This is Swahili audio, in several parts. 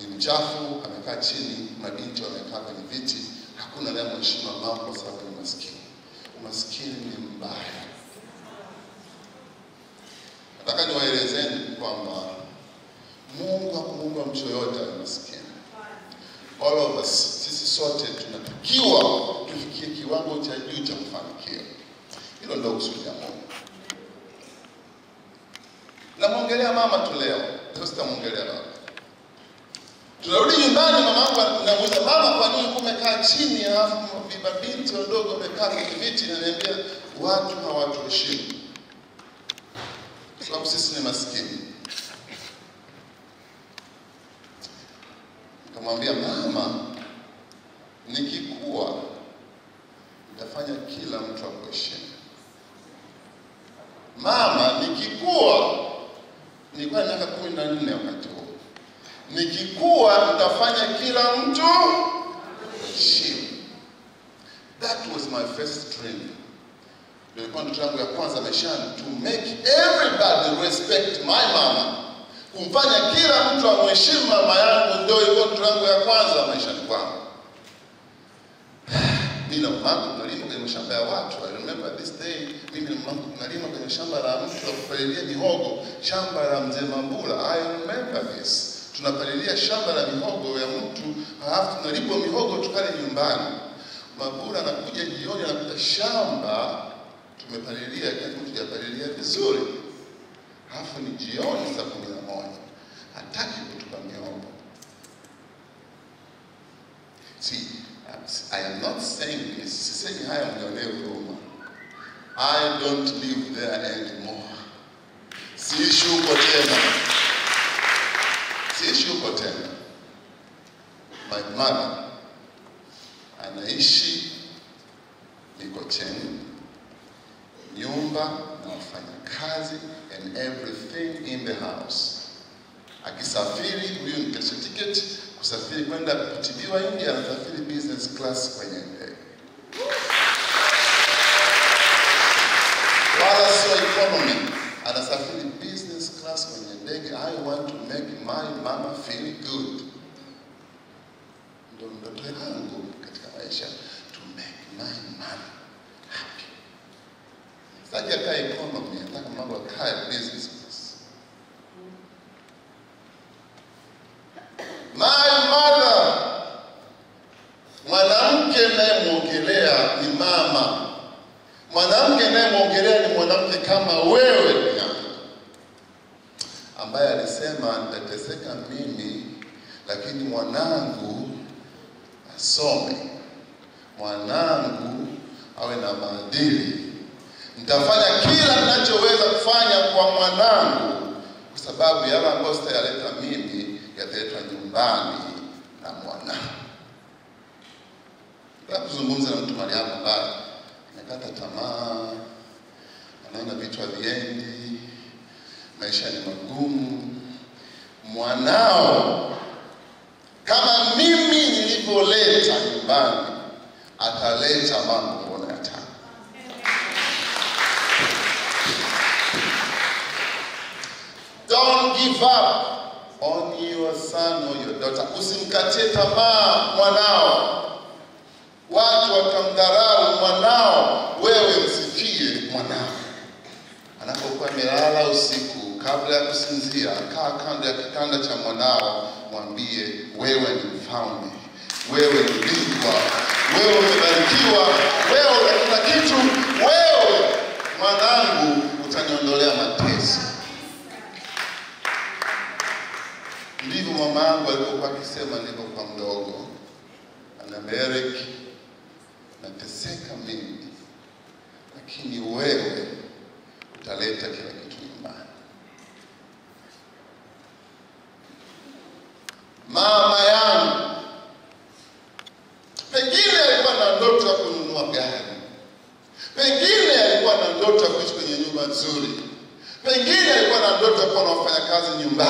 ni mchafu, amekaa chini, mabinti wamekaa kwenye viti, hakuna anayemheshimu mama kwa sababu ni maskini. Umaskini ni mbaya. Nataka niwaelezeni kwamba Mungu hakumuumba mtu yoyote awe maskini. All of us, sisi sote tunatakiwa tufikie kiwango cha juu cha mafanikio. Hilo ndio kusudi la Mungu. Namwongelea mama tu leo, leo sitamwongelea baba Tunarudi nyumbani, mamangu namuuliza mama, kwa nini kumekaa chini, alafu vibabinti wadogo wamekaa kwenye viti? Naniambia watu hawatuheshimu, sababu sisi ni maskini. Nikamwambia mama, nikikuwa nitafanya kila mtu akuheshimu. Mama, nikikuwa, nilikuwa na miaka kumi na nne wakati huo nikikuwa nitafanya kila mtu shimu That was my first dream. nilikuwa ndoto yangu ya kwanza maishani, to make everybody respect my mama, kumfanya kila mtu amheshimu mama yangu. Ndio ilikuwa ndoto yangu ya kwanza maishani kwangu bila na mamangu tunalima kwenye mashamba ya watu. I remember this day, mimi na tunalima kwenye shamba la mtu la kufalilia mihogo, shamba la mzee Mambula. I remember this tunapalilia shamba la mihogo ya mtu, halafu tunalipwa mihogo tukale nyumbani. Mabura anakuja jioni, anakuta shamba tumepalilia, lakini tujapalilia vizuri, halafu ni jioni saa kumi na moja, hataki kutupa mihogo. I am not saying this, sisemi haya mlionewe huruma. I don't live there anymore. Siishi huko tena siishi huko tena, mother anaishi Mikocheni, nyumba na wafanyakazi and everything in the house. Akisafiri huyo nikesha ticket, kusafiri kwenda kutibiwa India, anasafiri business class kwenye ndege. Eh, my mama feel good. Ndio ndoto yangu katika maisha to make my mama happy. Sitaki akae economy, nataka mambo akae business. My mother, mwanamke nayemwongelea ni mama, mwanamke nayemwongelea ni mwanamke kama wewe ambaye alisema nitateseka mimi, lakini mwanangu asome, mwanangu awe na maadili. Nitafanya kila ninachoweza kufanya kwa mwanangu, kwa sababu yale ambayo sitayaleta mimi yataletwa nyumbani na mwanangu. Kuzungumza na mtu mali hapo mbaya, amekata tamaa, anaona vitu haviendi maisha ni magumu. Mwanao kama mimi nilivyoleta nyumbani, ataleta mambo mbona tano Don't give up on your son or your daughter. Usimkatie tamaa mwanao. Watu watamdharau mwanao, wewe msifie mwanao anapokuwa amelala usiku kabla ya kusinzia, kaa kando ya kitanda cha mwanao, mwambie wewe ni mfalme, wewe ni bingwa, wewe umebarikiwa, wewe una kila kitu, wewe mwanangu, utaniondolea mateso. Ndivyo mama yangu alivyokuwa akisema kwa mdogo, anabereki nateseka mimi, lakini wewe utaleta kila kitu nyumbani.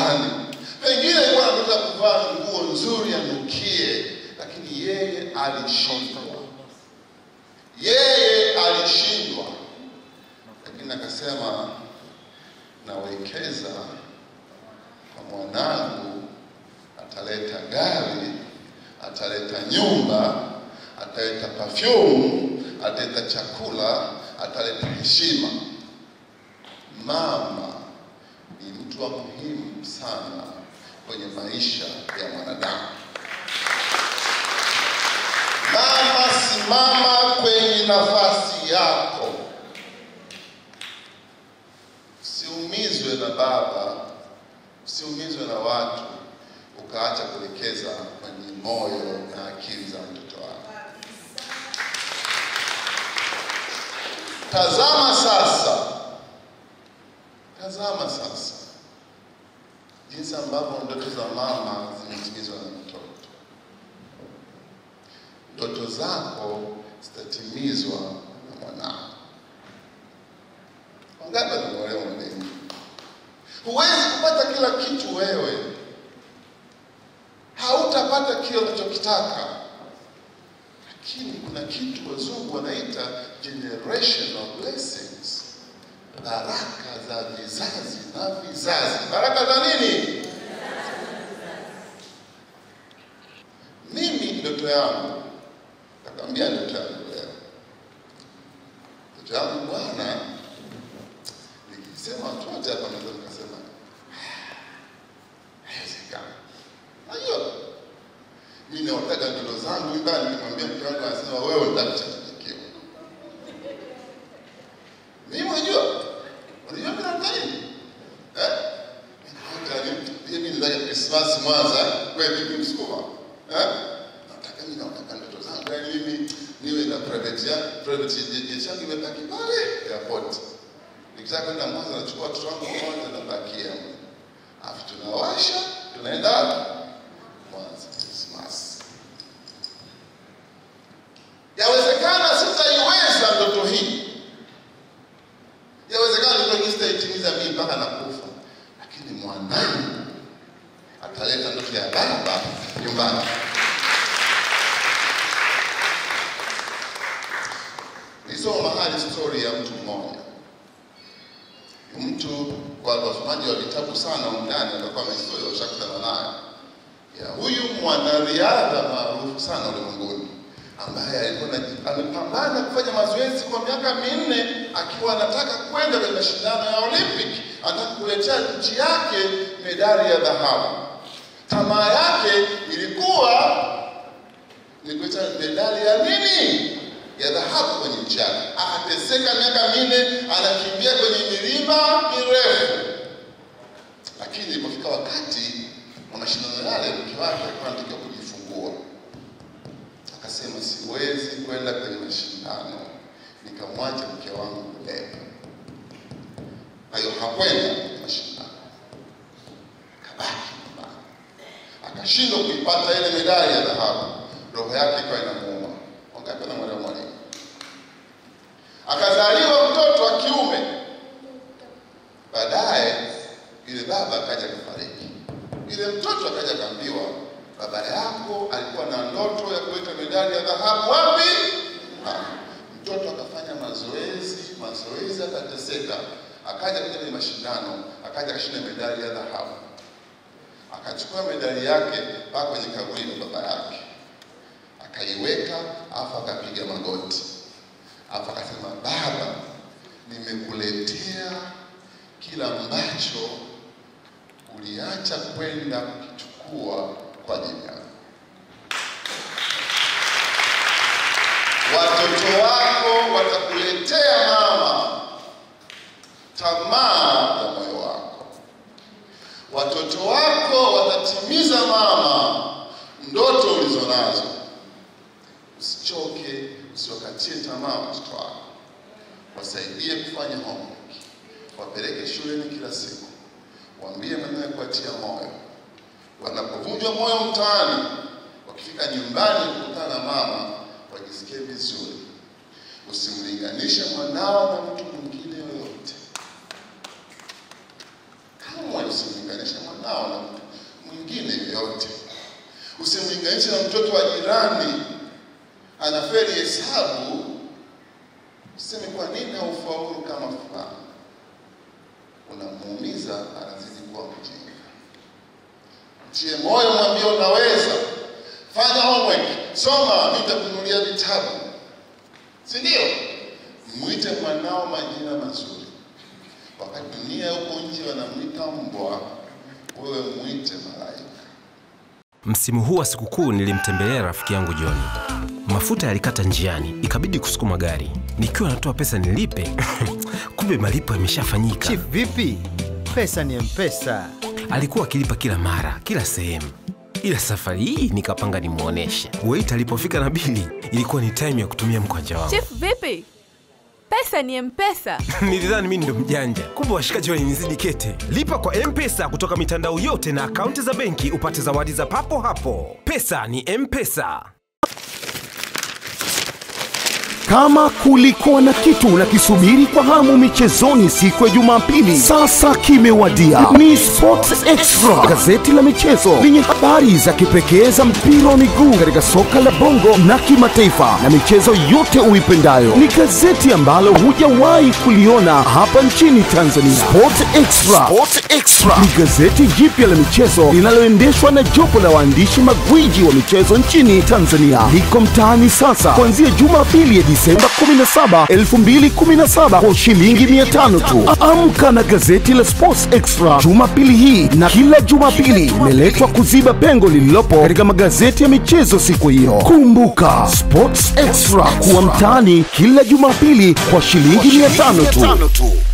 nyumbani, pengine alikuwa anaweza kuvaa nguo nzuri anukie, lakini yeye alishindwa, yeye alishindwa, lakini akasema nawekeza kwa mwanangu, ataleta gari, ataleta nyumba, ataleta pafyumu ataleta chakula, ataleta heshima. Mama ni mtu wa muhimu sana kwenye maisha ya mwanadamu. Mama, simama kwenye nafasi yako, usiumizwe na baba, usiumizwe na watu, ukaacha kuwekeza kwenye moyo na akili za mtoto wako. Tazama sasa Tazama sasa jinsi ambavyo ndoto za mama zimetimizwa na mtoto. Ndoto zako zitatimizwa na mwanao. Wangapi wanaelewa maneno? Huwezi kupata kila kitu wewe, hautapata kile unachokitaka, lakini kuna kitu wazungu wanaita generational blessings baraka za vizazi na vizazi. Baraka za nini? Mimi ndoto yangu, nakwambia ndoto yangu leo, ndoto yangu Bwana, nikisema watu wote hapa naweza nikasema ah, haiwezekani. Najua mi naotaga ndoto zangu mbali, nimwambia mtu wangu, anasema wewe nitakuchaka Mwanza kwa Msukuma eh? Nataka mimi nataka ndoto zangu mimi niwe na private ya private jet yangu imebaki pale airport. Nikitaka kwenda Mwanza nachukua watoto wangu mmoja na bakia. Afu tunawasha Nisoma hali stori ya mtu mmoja, mtu kwa wasomaji wa vitabu sana umdani atakuwa amestoria ushakutana nayo ya huyu mwanariadha maarufu sana ulimwenguni ambaye alikuwa amepambana kufanya mazoezi kwa miaka minne akiwa anataka kwenda kwenye mashindano ya Olympic, anataka kuletea nchi yake medali ya dhahabu. Tamaa yake ilikuwa ni kuleta medali ya nini? ya dhahabu kwenye mchana. anateseka miaka minne, anakimbia kwenye milima mirefu. Lakini ilipofika wakati mwanashindano mashindano yale, mke wake alikuwa anataka kujifungua, akasema siwezi kwenda kwenye mashindano, nikamwacha mke wangu kubeba. Kwa hiyo hakwenda mashindano, kabaki akashindwa kuipata ile medali ya dhahabu. Roho yake ikawa inamuuma. Wangapi wanamwelewa? akazaliwa mtoto wa kiume. Baadaye yule baba akaja kufariki, yule mtoto akaja kaambiwa, baba yako alikuwa na ndoto ya kuleta medali ya dhahabu wapi? Mtoto akafanya mazoezi mazoezi, akateseka, akaja kuja kwenye mashindano, akaja kashinda medali ya dhahabu, akachukua medali yake mpaka kwenye kaburi la baba yake, akaiweka afu akapiga magoti Alafu akasema Baba, nimekuletea kila ambacho uliacha kwenda kukichukua kwa ajili yangu. Watoto wako watakuletea mama, tamaa ya moyo wako. Watoto wako watatimiza mama, ndoto ulizonazo. Usichoke usiwakatie tamaa watoto wako, wasaidie kufanya homework, wapeleke shuleni kila siku, waambie maneno ya kuatia moyo. Wanapovunjwa moyo mtaani, wakifika nyumbani kukutana na mama, wajisikie vizuri. Usimlinganishe mwanao na mtu mwingine yoyote, kamwe usimlinganishe mwanao na mtu mwingine yoyote. Usimlinganishe na mtoto wa jirani anafeli hesabu, useme kwa nini haufaulu kama fulani, unamuumiza, anazidi kuwa mjinga. Mtie moyo, mwambie unaweza, fanya homework, soma, nitakununulia vitabu, si ndio? Mwite mwanao majina mazuri. Wakati dunia huko nje wanamwita mbwa, wewe mwite malaika. Msimu huu wa sikukuu nilimtembelea rafiki yangu Joni Mafuta yalikata njiani, ikabidi kusukuma gari. Nikiwa natoa pesa nilipe, kumbe malipo yameshafanyika. Chief, vipi? Pesa ni mpesa. Alikuwa akilipa kila mara, kila sehemu, ila safari hii nikapanga nimwoneshe. Wait alipofika na bili, ilikuwa ni taimu ya kutumia mkwanja wangu. Chief, vipi? Pesa ni mpesa. Nilidhani mimi ndo mjanja, kumbe washikaji walinizidi kete. Lipa kwa mpesa kutoka mitandao yote na akaunti za benki upate zawadi za papo hapo. Pesa ni mpesa. Kama kulikuwa na kitu kisubiri kwa hamu michezoni siku ya Jumapili, sasa kimewadia. Ni Sports Extra, gazeti la michezo lenye habari za kipekee za mpira wa miguu katika soka la bongo na kimataifa na michezo yote uipendayo. Ni gazeti ambalo hujawahi kuliona hapa nchini Tanzania. Sports Extra, Sports Extra. Extra ni gazeti jipya la michezo linaloendeshwa na jopo la waandishi magwiji wa michezo nchini Tanzania. Liko mtaani sasa kuanzia Jumapili ya Disemba 17, 2017 kwa shilingi 500 tu. Amka na gazeti la Sports Extra Jumapili hii na kila Jumapili, imeletwa kuziba pengo lililopo katika magazeti ya michezo siku hiyo. Kumbuka Sports Extra kuwa mtaani kila Jumapili kwa shilingi 500 tu.